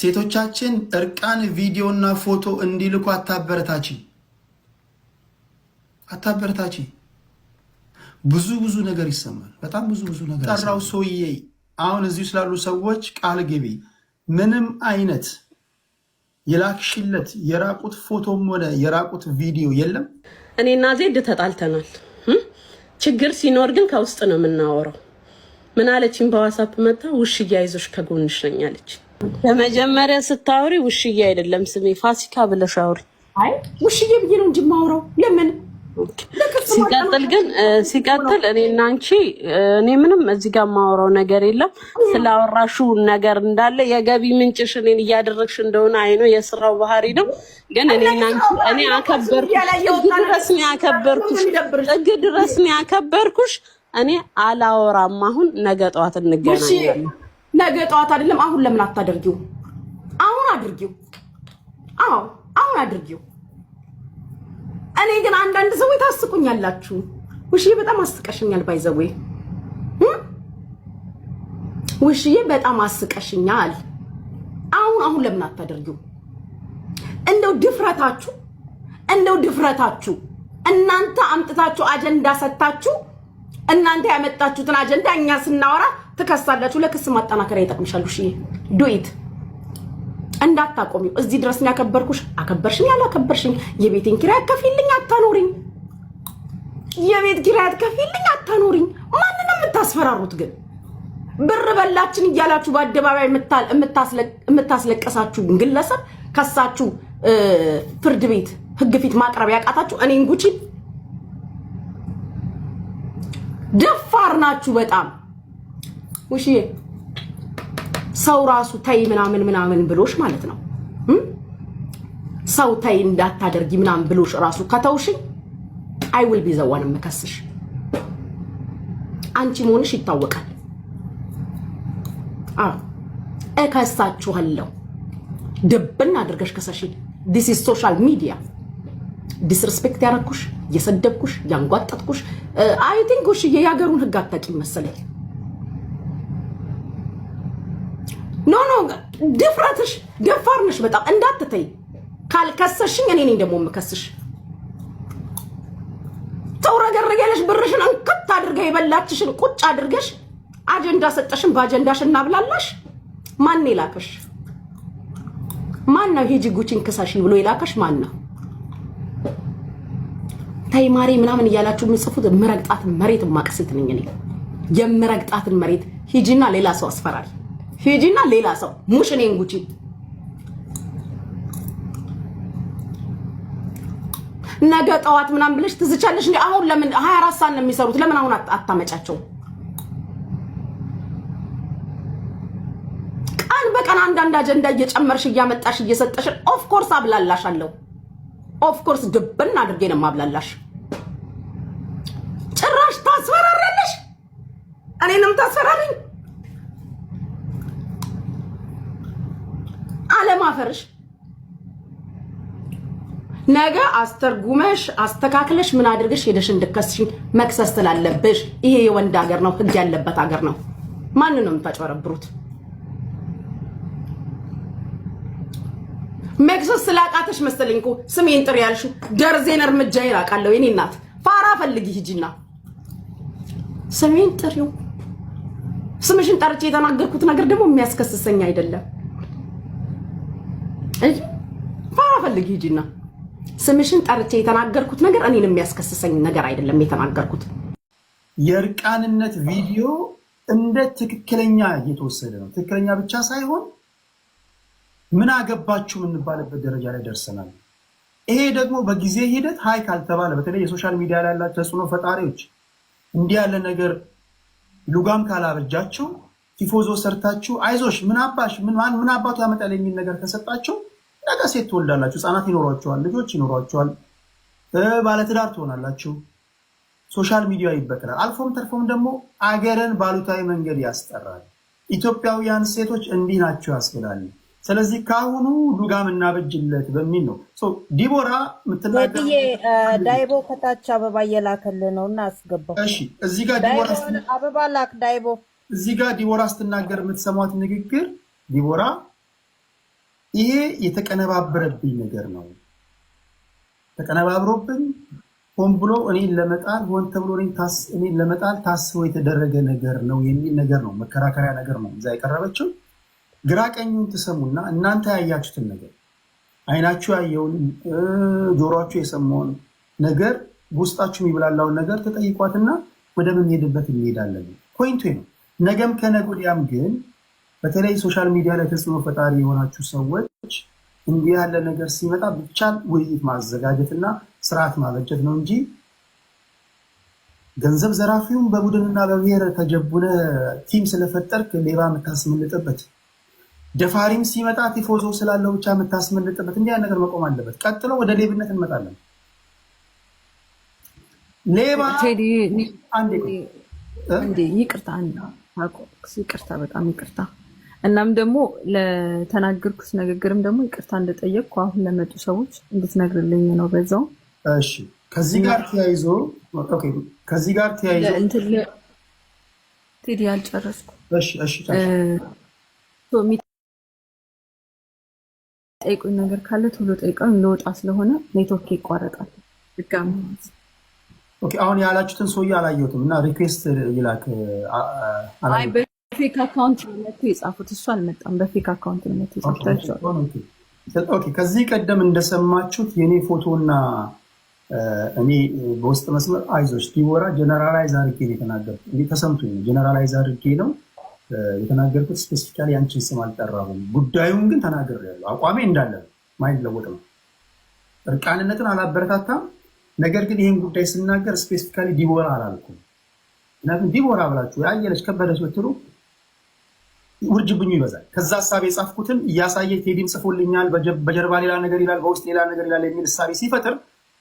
ሴቶቻችን እርቃን ቪዲዮና ፎቶ እንዲልኩ አታበረታች አታበረታች። ብዙ ብዙ ነገር ይሰማል። በጣም ብዙ ብዙ ነገር ጠራው ሰውዬ። አሁን እዚሁ ስላሉ ሰዎች ቃል ግቢ፣ ምንም አይነት የላክሽለት የራቁት ፎቶም ሆነ የራቁት ቪዲዮ የለም። እኔና ዜድ ተጣልተናል። ችግር ሲኖር ግን ከውስጥ ነው የምናወራው። ምን አለችኝ? በዋሳፕ መታ ውሽ እያይዞች ከጎንሽ ነኝ በመጀመሪያ ስታወሪ ውሽዬ አይደለም ስሜ ፋሲካ ብለሽ አውሪ። አይ ውሽዬ ብዬ ነው እንጂ የማወራው ለምን ሲቀጥል ግን ሲቀጥል እኔ እና አንቺ እኔ ምንም እዚህ ጋር የማወራው ነገር የለም። ስላወራሹ ነገር እንዳለ የገቢ ምንጭሽ እኔን እያደረግሽ እንደሆነ አይኖ የስራው ባህሪ ነው። ግን እኔ እና አንቺ እኔ አከበርኩሽ፣ ጥግ ድረስ ነው ያከበርኩሽ፣ ጥግ ድረስ ነው ያከበርኩሽ። እኔ አላወራም። አሁን ነገ ጠዋት እንገናኛለን። ነገ ጠዋት አይደለም አሁን ለምን አታደርጊው? አሁን አድርጊው። አዎ አሁን አድርጊው። እኔ ግን አንዳንድ ሰው ታስቁኛላችሁ። ውሽዬ በጣም አስቀሽኛል። ባይዘዌ ውሽዬ በጣም አስቀሽኛል። አሁን አሁን ለምን አታደርጊው? እንደው ድፍረታችሁ እንደው ድፍረታችሁ እናንተ አምጥታችሁ አጀንዳ ሰጥታችሁ እናንተ ያመጣችሁትን አጀንዳ እኛ ስናወራ ትከሳላችሁ። ለክስ ማጠናከሪያ ይጠቅምሻሉ። እሺ ዱኢት እንዳታቆሚው። እዚህ ድረስ ያከበርኩሽ። አከበርሽኝ ያላከበርሽኝ የቤቴን ኪራይ አትከፊልኝ፣ አታኖሪኝ። የቤት ኪራይ አትከፊልኝ፣ አታኖሪኝ። ማንን የምታስፈራሩት ግን ብር በላችን እያላችሁ በአደባባይ የምታስለቀሳችሁ ግለሰብ ከሳችሁ ፍርድ ቤት ህግ ፊት ማቅረብ ያቃታችሁ እኔን ጉቺ ደፋር ናችሁ በጣም ውሽዬ። ሰው ራሱ ተይ ምናምን ምናምን ብሎሽ ማለት ነው። ሰው ተይ እንዳታደርጊ ምናምን ብሎሽ ራሱ ከተውሽኝ አይ ውል ቢዘዋን የምከስሽ አንቺ መሆንሽ ይታወቃል። አዎ እከሳችኋለሁ። ድብን አድርገሽ ከሰሽኝ ዲስ ኢዝ ሶሻል ሚዲያ ዲስርስፔክት ያረኩሽ፣ የሰደብኩሽ፣ ያንጓጠጥኩሽ አይ ቲንክ ጎሽዬ የሀገሩን ህግ አታውቂም መሰለኝ። ኖ ኖ ድፍረትሽ ደፋር በጣም እንዳትተይ። ካልከሰሽኝ እኔ ነኝ ደግሞ የምከስሽ። ተውረገረገለሽ ብርሽን እንክት አድርገ የበላችሽን ቁጭ አድርገሽ አጀንዳ ሰጠሽን በአጀንዳሽ እናብላላሽ። ማን የላከሽ? ማን ነው ሂጂ ጉቺን ክሰሽ ብሎ የላከሽ ማን ነው? ታይ ማሬ ምናምን እያላችሁ የምጽፉት የምረግጣትን መሬት ማቀስት ነኝ እኔ። የምረግጣትን መሬት ሂጂና ሌላ ሰው አስፈራሪ፣ ሂጂና ሌላ ሰው ሙሽ እኔን ጉቺ ነገ ጠዋት ምናምን ብለሽ ትዝቻለሽ እንዴ? አሁን ለምን 24 ሰዓት ነው የሚሰሩት? ለምን አሁን አታመጫቸው? ቀን በቀን አንዳንድ አጀንዳ እየጨመርሽ እያመጣሽ እየሰጠሽ ኦፍ ኮርስ አብላላሽ አለው። ኦፍኮርስ ድብን አድርጌ ነው ማብላላሽ። ጭራሽ ታስፈራራለሽ፣ እኔንም አለም አለማፈርሽ ነገ አስተርጉመሽ አስተካክለሽ ምን አድርገሽ ሄደሽ እንድከስሽኝ መክሰስ ስላለብሽ፣ ይሄ የወንድ ሀገር ነው፣ ህግ ያለበት ሀገር ነው። ማንን ነው የምታጨበረብሩት? መክሰስ ስላቃተሽ መሰለኝ እኮ ስሜን ጥሪ ያልሽው። ደርዜን እርምጃ ይራቃለሁ። የኔ እናት ፋራ ፈልጊ ሂጂና ስሜን ጥሪው። ስምሽን ጠርቼ የተናገርኩት ነገር ደግሞ የሚያስከስሰኝ አይደለም። እይ ፋራ ፈልጊ ሂጂና ስምሽን ጠርቼ የተናገርኩት ነገር እኔን የሚያስከስሰኝ ነገር አይደለም የተናገርኩት። የእርቃንነት ቪዲዮ እንደ ትክክለኛ እየተወሰደ ነው። ትክክለኛ ብቻ ሳይሆን ምን አገባችሁ የምንባልበት ደረጃ ላይ ደርሰናል። ይሄ ደግሞ በጊዜ ሂደት ሀይ ካልተባለ በተለይ የሶሻል ሚዲያ ላይ ያላቸው ተጽዕኖ ፈጣሪዎች እንዲህ ያለ ነገር ሉጋም ካላበጃቸው ቲፎዞ ሰርታችሁ አይዞሽ ምን አባሽ ምን አባቱ ያመጣል የሚል ነገር ከሰጣቸው ነገ ሴት ትወልዳላችሁ፣ ህጻናት ይኖሯቸዋል፣ ልጆች ይኖሯቸዋል፣ ባለትዳር ትሆናላችሁ። ሶሻል ሚዲያ ይበክላል አልፎም ተርፎም ደግሞ አገርን ባሉታዊ መንገድ ያስጠራል። ኢትዮጵያውያን ሴቶች እንዲህ ናቸው ያስብላል። ስለዚህ ከአሁኑ ሉጋም እናበጅለት በሚል ነው። ዲቦራ ምትናገርዬ። ዳይቦ ከታች አበባ እየላከል ነው እና አስገባው። እሺ፣ እዚህ ጋር አበባ ላክ ዳይቦ። እዚህ ጋር ዲቦራ ስትናገር የምትሰማት ንግግር ዲቦራ፣ ይሄ የተቀነባበረብኝ ነገር ነው። ተቀነባብሮብኝ ሆን ብሎ እኔን ለመጣል ሆን ተብሎ እኔን ለመጣል ታስቦ የተደረገ ነገር ነው የሚል ነገር ነው። መከራከሪያ ነገር ነው እዛ የቀረበችው ግራ ቀኙን ትሰሙና እናንተ ያያችሁትን ነገር አይናችሁ ያየውን ጆሮችሁ የሰማውን ነገር ውስጣችሁ የሚብላላውን ነገር ተጠይቋትና ወደምንሄድበት እንሄዳለን። ፖይንቱ ነው። ነገም ከነገ ወዲያም ግን በተለይ ሶሻል ሚዲያ ላይ ተጽዕኖ ፈጣሪ የሆናችሁ ሰዎች እንዲህ ያለ ነገር ሲመጣ ብቻ ውይይት ማዘጋጀትና ስርዓት ማበጀት ነው እንጂ ገንዘብ ዘራፊውን በቡድንና በብሔር ተጀቡነ ቲም ስለፈጠርክ ሌባ የምታስመልጥበት ደፋሪም ሲመጣ ቲፎዞ ስላለው ብቻ የምታስመልጥበት እንዲህ ነገር መቆም አለበት። ቀጥሎ ወደ ሌብነት እንመጣለን። ሌባ ይቅርታ ይቅርታ፣ በጣም ይቅርታ። እናም ደግሞ ለተናገርኩት ንግግርም ደግሞ ይቅርታ እንደጠየቅኩ አሁን ለመጡ ሰዎች እንድትነግርልኝ ነው። በዛው እሺ። ከዚህ ጋር ተያይዞ ከዚህ ጋር ተያይዞ ቴዲ አልጨረስኩ። እሺ እሺ ጠይቁኝ ነገር ካለ ቶሎ ጠይቀው ለወጣ ስለሆነ ኔትወርክ ይቋረጣል። ድጋሚ አሁን ያላችሁትን ሰውዬ አላየሁትም እና ሪኩዌስት ይላክ በፌክ አካውንት መቶ የጻፉት እሱ አልመጣም። በፌክ አካውንት መቶ የጻፉት ከዚህ ቀደም እንደሰማችሁት የእኔ ፎቶ እና እኔ በውስጥ መስመር አይዞች ዲቦራ ጀነራላይዝ አድርጌ ነው የተናገርኩት። ተሰምቶ ጀነራላይዝ አድርጌ ነው የተናገርኩት ስፔሲፊካሊ አንቺን ስም አልጠራሁም። ጉዳዩን ግን ያለው አቋሜ እንዳለ ማይለወጥ ነው። እርቃንነትን አላበረታታም። ነገር ግን ይህን ጉዳይ ስናገር ስፔሲፊካሊ ዲቦራ አላልኩም። ምክንያቱም ዲቦራ ብላችሁ አየለች ከበደች ብትሉ ውርጅብኙ ይበዛል። ከዛ ሀሳብ የጻፍኩትን እያሳየ ቴዲም ጽፎልኛል፣ በጀርባ ሌላ ነገር ይላል፣ በውስጥ ሌላ ነገር ይላል የሚል እሳቤ ሲፈጥር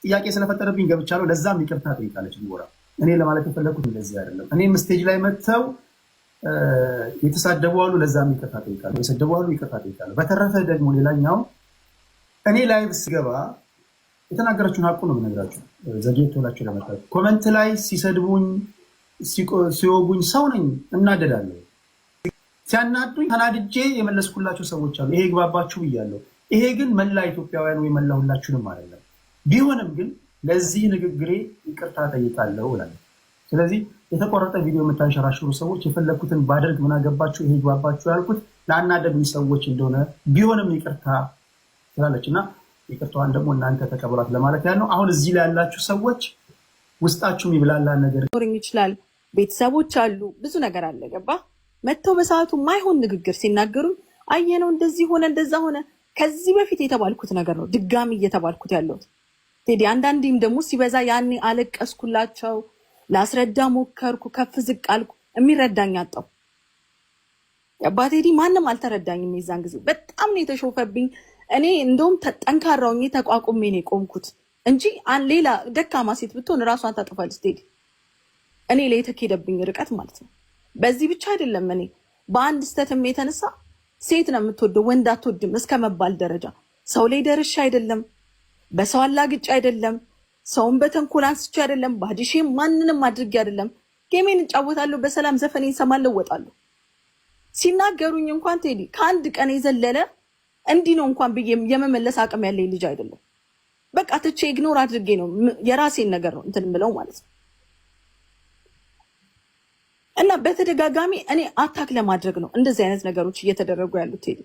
ጥያቄ ስለፈጠረብኝ ገብቻለሁ። ለዛም ይቅርታ ጠይቃለች ዲቦራ። እኔ ለማለት የፈለግኩት እንደዚህ አይደለም። እኔም ስቴጅ ላይ መጥተው የተሳደቡ አሉ፣ ለዛም ይቅርታ ጠይቃሉ። የሰደቡ አሉ፣ ይቅርታ ጠይቃሉ። በተረፈ ደግሞ ሌላኛው እኔ ላይቭ ስገባ የተናገራችሁን ሀቁ ነው የምነግራችሁ። ዘግየት ቶላችሁ ለመጣ ኮመንት ላይ ሲሰድቡኝ ሲወጉኝ ሰው ነኝ እናደዳለሁ። ሲያናዱኝ ተናድጄ የመለስኩላቸው ሰዎች አሉ። ይሄ ግባባችሁ ብያለሁ። ይሄ ግን መላ ኢትዮጵያውያን ወይ መላ ሁላችሁንም አይደለም። ቢሆንም ግን ለዚህ ንግግሬ ይቅርታ ጠይቃለሁ እላለሁ። ስለዚህ የተቆረጠ ቪዲዮ የምታንሸራሽሩ ሰዎች የፈለግኩትን ባደርግ ምን ይሄ ይግባባችሁ ያልኩት ለአናደግኝ ሰዎች እንደሆነ ቢሆንም ይቅርታ ትላለች እና ይቅርታዋን ደግሞ እናንተ ተቀብሏት ለማለት ያለው። አሁን እዚህ ላይ ያላችሁ ሰዎች ውስጣችሁም ይብላላ ነገር ኖርኝ ይችላል። ቤተሰቦች አሉ፣ ብዙ ነገር አለ። ገባ መጥተው በሰዓቱ ማይሆን ንግግር ሲናገሩ አየነው፣ እንደዚህ ሆነ፣ እንደዛ ሆነ። ከዚህ በፊት የተባልኩት ነገር ነው ድጋሚ እየተባልኩት ያለሁት ቴዲ። አንዳንዴም ደግሞ ሲበዛ ያኔ አለቀስኩላቸው ላስረዳ ሞከርኩ፣ ከፍ ዝቅ አልኩ፣ የሚረዳኝ አጣሁ። አባቴዲ ማንም አልተረዳኝም። የዛን ጊዜ በጣም ነው የተሾፈብኝ። እኔ እንደውም ጠንካራው ተቋቁሜ ነው የቆምኩት እንጂ ሌላ ደካማ ሴት ብትሆን እራሷን ታጠፋለች ስቴድ እኔ ላይ የተኬደብኝ ርቀት ማለት ነው። በዚህ ብቻ አይደለም እኔ በአንድ ስተትም የተነሳ ሴት ነው የምትወደው ወንድ አትወድም እስከ መባል ደረጃ ሰው ላይ ደርሻ አይደለም፣ በሰው አላግጭ አይደለም ሰውን በተንኮል አንስቼ አይደለም፣ ባዲሼ ማንንም አድርጌ አይደለም። ጌሜን እጫወታለሁ፣ በሰላም ዘፈን እሰማለሁ፣ እወጣለሁ። ሲናገሩኝ እንኳን ቴዲ ከአንድ ቀን የዘለለ እንዲህ ነው እንኳን ብዬ የመመለስ አቅም ያለኝ ልጅ አይደለም። በቃ ትቼ ኢግኖር አድርጌ ነው የራሴን ነገር ነው እንትን ብለው ማለት ነው። እና በተደጋጋሚ እኔ አታክ ለማድረግ ነው እንደዚህ አይነት ነገሮች እየተደረጉ ያሉት ቴዲ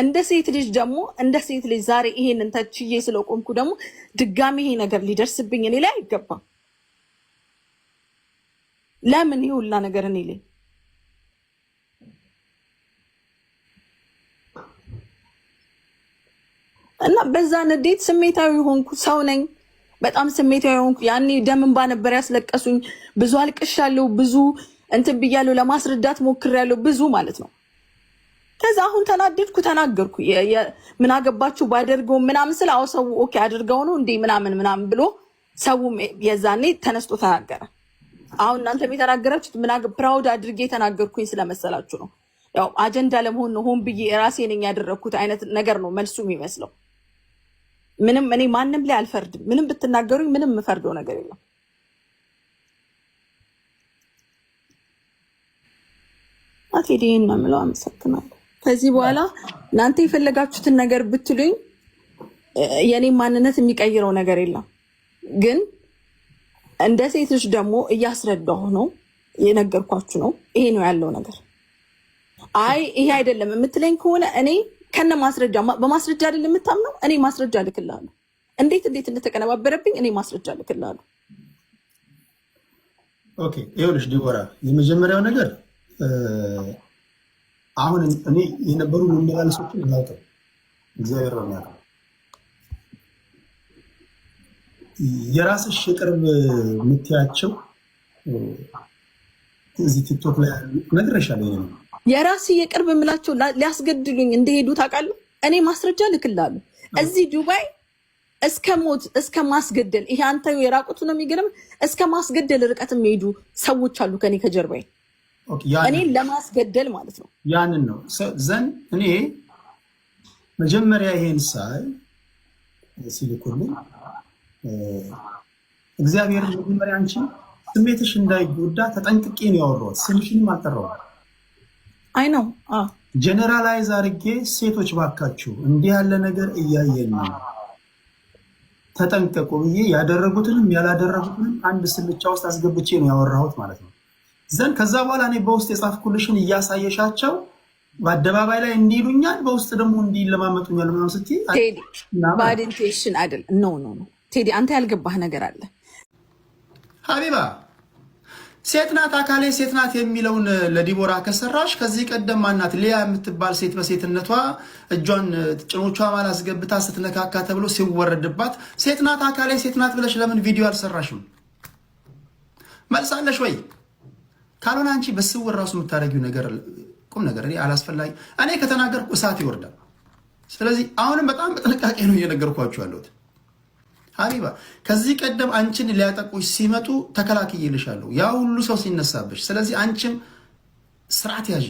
እንደ ሴት ልጅ ደግሞ እንደ ሴት ልጅ ዛሬ ይሄንን ተችዬ ስለቆምኩ ደግሞ ድጋሚ ይሄ ነገር ሊደርስብኝ እኔ ላይ አይገባም። ለምን ይሄ ሁላ ነገር እኔ ላይ እና በዛ ንዴት ስሜታዊ ሆንኩ። ሰው ነኝ፣ በጣም ስሜታዊ ሆንኩ። ያኔ ደም እንባ ነበር ያስለቀሱኝ። ብዙ አልቅሻለሁ፣ ብዙ እንትን ብያለሁ፣ ለማስረዳት ሞክሬያለሁ፣ ብዙ ማለት ነው ከዛ አሁን ተናደድኩ፣ ተናገርኩ። ምን አገባችሁ ባደርገው ምናምን ስለ አሁ ሰው ኦኬ አድርገው ነው እንዴ ምናምን ምናምን ብሎ ሰውም የዛኔ ተነስቶ ተናገረ። አሁን እናንተም የተናገራችሁት ፕራውድ አድርጌ የተናገርኩኝ ስለመሰላችሁ ነው። ያው አጀንዳ ለመሆን ነው ሆን ብዬ ራሴ ነኝ ያደረግኩት አይነት ነገር ነው መልሱ የሚመስለው። ምንም እኔ ማንም ላይ አልፈርድም። ምንም ብትናገሩኝ ምንም የምፈርደው ነገር የለም። አቴዴን ነው የምለው። አመሰግናለሁ። ከዚህ በኋላ እናንተ የፈለጋችሁትን ነገር ብትሉኝ የኔ ማንነት የሚቀይረው ነገር የለም። ግን እንደ ሴቶች ደግሞ እያስረዳሁ ነው፣ የነገርኳችሁ ነው። ይሄ ነው ያለው ነገር። አይ ይሄ አይደለም የምትለኝ ከሆነ እኔ ከነ ማስረጃ በማስረጃ አይደል የምታምነው? እኔ ማስረጃ እልክልሃለሁ። እንዴት እንዴት እንደተቀነባበረብኝ እኔ ማስረጃ እልክልሃለሁ። ኦኬ ይኸውልሽ ዲቦራ፣ የመጀመሪያው ነገር አሁን እኔ የነበሩ መመላለሶችን አላውቅም። እግዚአብሔር ነው የሚያውቀው። የራስሽ የቅርብ የምትያቸው እዚህ ቲክቶክ ላይ ነግሬሻለሁ። የራስ የቅርብ የምላቸው ሊያስገድሉኝ እንደሄዱ ታውቃለህ። እኔ ማስረጃ ልክላሉ እዚህ ዱባይ እስከ ሞት እስከ ማስገደል ይሄ አንተ የራቁቱ ነው የሚገርም እስከ ማስገደል ርቀት የሚሄዱ ሰዎች አሉ ከኔ ከጀርባዬ እኔን ለማስገደል ማለት ነው። ያንን ነው ዘን እኔ መጀመሪያ ይሄን ሳይ ሲልኩልኝ እግዚአብሔር መጀመሪያ አንቺ ስሜትሽ እንዳይጎዳ ተጠንቅቄ ነው ያወራሁት። ስምሽንም አልጠራሁም። አይ ነው ጀነራላይዝ አድርጌ ሴቶች ባካችሁ እንዲህ ያለ ነገር እያየን ነው ተጠንቀቁ ብዬ ያደረጉትንም ያላደረጉትንም አንድ ስልቻ ውስጥ አስገብቼ ነው ያወራሁት ማለት ነው። ዘንድ ከዛ በኋላ እኔ በውስጥ የጻፍኩልሽን እያሳየሻቸው በአደባባይ ላይ እንዲሉኛል፣ በውስጥ ደግሞ እንዲለማመጡኛል ምናምን ስትይ ባድ አይደል? ኖ ኖ ኖ ቴዲ፣ አንተ ያልገባህ ነገር አለ። ሀቢባ ሴት ናት አካሌ ሴት ናት የሚለውን ለዲቦራ ከሰራሽ ከዚህ ቀደም ማናት ሊያ የምትባል ሴት በሴትነቷ እጇን ጭኖቿ ማል አስገብታ ስትነካካ ተብሎ ሲወረድባት ሴት ናት አካሌ ሴት ናት ብለሽ ለምን ቪዲዮ አልሰራሽም? መልሳለሽ ወይ? ካልሆነ አንቺ በስውር ራሱ የምታደረጊው ነገር ቁም ነገር አላስፈላጊ። እኔ ከተናገርኩ እሳት ይወርዳል። ስለዚህ አሁንም በጣም በጥንቃቄ ነው እየነገርኳችሁ ያለሁት። ሀቢባ ከዚህ ቀደም አንቺን ሊያጠቁሽ ሲመጡ ተከላክዬልሻለሁ፣ ያ ሁሉ ሰው ሲነሳብሽ። ስለዚህ አንቺም ስርዓት ያዥ።